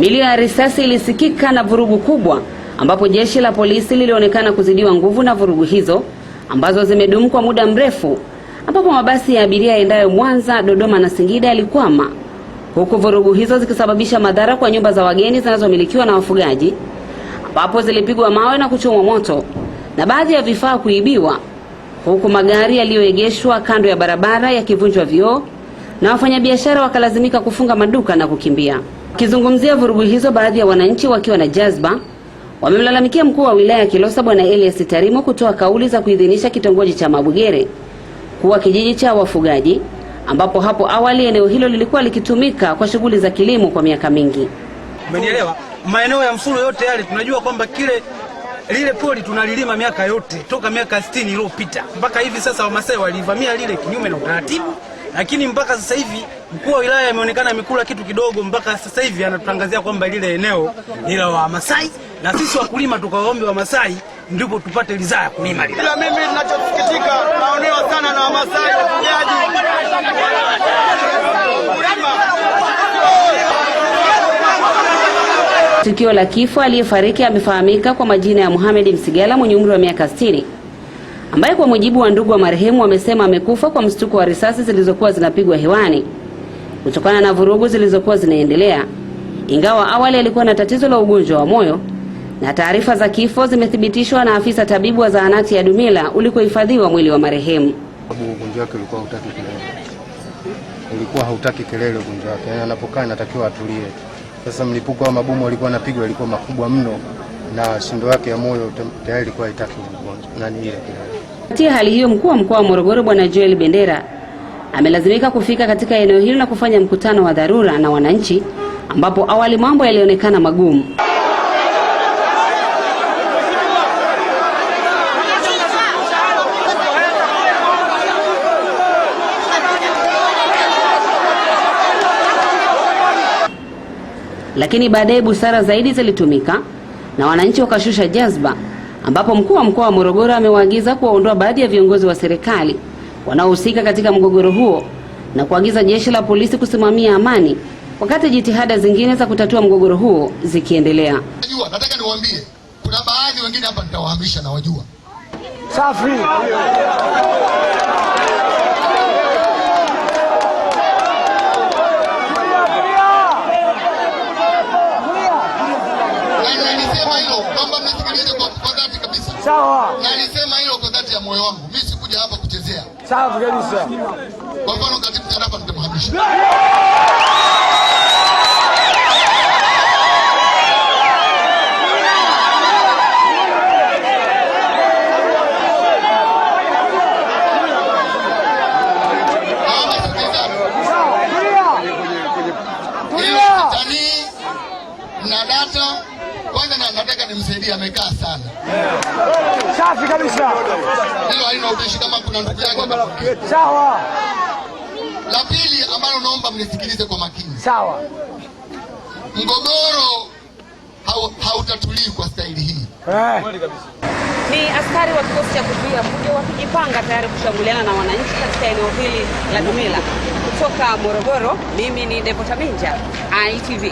Milio ya risasi ilisikika na vurugu kubwa, ambapo jeshi la polisi lilionekana kuzidiwa nguvu na vurugu hizo ambazo zimedumu kwa muda mrefu, ambapo mabasi ya abiria yaendayo Mwanza, Dodoma na Singida yalikwama, huku vurugu hizo zikisababisha madhara kwa nyumba za wageni zinazomilikiwa na wafugaji, ambapo zilipigwa mawe na kuchomwa moto na baadhi ya vifaa kuibiwa, huku magari yaliyoegeshwa kando ya barabara yakivunjwa vioo na wafanyabiashara wakalazimika kufunga maduka na kukimbia. Akizungumzia vurugu hizo, baadhi ya wananchi wakiwa na jazba wamemlalamikia mkuu wa wilaya ya Kilosa Bwana Elias Tarimo kutoa kauli za kuidhinisha kitongoji cha Mabugere kuwa kijiji cha wafugaji ambapo hapo awali eneo hilo lilikuwa likitumika kwa shughuli za kilimo kwa miaka mingi. Umenielewa? Maeneo ya Msulu yote yale tunajua kwamba kile lile pori tunalilima miaka yote toka miaka 60 iliyopita mpaka hivi sasa. Wamasai walivamia lile kinyume na utaratibu, lakini mpaka sasa hivi mkuu wa wilaya ameonekana amekula kitu kidogo, mpaka sasa hivi anatutangazia kwamba lile eneo ni la Wamasai, na sisi wakulima tukawaombe Wamasai ndipo tupate ridhaa ya kulima lile. Mimi ninachosikitika Tukio la kifo aliyefariki amefahamika kwa majina ya Mohamed Msigala mwenye umri wa miaka 60 ambaye kwa mujibu wa ndugu wa marehemu wamesema amekufa kwa mshtuko wa risasi zilizokuwa zinapigwa hewani kutokana na vurugu zilizokuwa zinaendelea, ingawa awali alikuwa na tatizo la ugonjwa wa moyo na taarifa za kifo zimethibitishwa na afisa tabibu wa zahanati ya Dumila ulikohifadhiwa mwili wa marehemu. Ugonjwa wake ulikuwa hautaki kelele, ulikuwa hautaki kelele ugonjwa wake, yaani anapokaa inatakiwa atulie. Sasa mlipuko wa mabomu alikuwa anapigwa alikuwa makubwa mno, na shindo yake ya moyo tayari ilikuwa haitaki nani ile. Katika hali hiyo, mkuu wa mkoa wa Morogoro Bwana Joel Bendera amelazimika kufika katika eneo hilo na kufanya mkutano wa dharura na wananchi, ambapo awali mambo yalionekana magumu. lakini baadaye busara zaidi zilitumika na wananchi wakashusha jazba, ambapo mkuu wa mkoa wa Morogoro amewaagiza kuwaondoa baadhi ya viongozi wa serikali wanaohusika katika mgogoro huo na kuagiza jeshi la polisi kusimamia amani wakati jitihada zingine za kutatua mgogoro huo zikiendelea. Najua, nataka niwaambie kuna baadhi wengine hapa nitawahamisha na wajua. Safi. Nilisema hilo kwamba mnisikilize kwa dhati kabisa. Sawa. Na nilisema hilo kwa dhati ya moyo wangu. Mimi sikuja hapa kuchezea. Sawa kabisa. Kwa mfano katibu Tarafa nitamhamisha. kwanza na nataka nimsaidie, amekaa sana. Safi kabisa, hilo haina ubishi. kama kuna ndugu yake. Sawa. La pili ambalo naomba mnisikilize kwa makini. Sawa. Mgogoro hautatulii hau kwa staili hii eh. Ni askari wa kikosi cha kuzuia fujo wakijipanga tayari kushambuliana na wananchi katika eneo hili la Dumila. Kutoka Morogoro, mimi ni Devota Minja, ITV.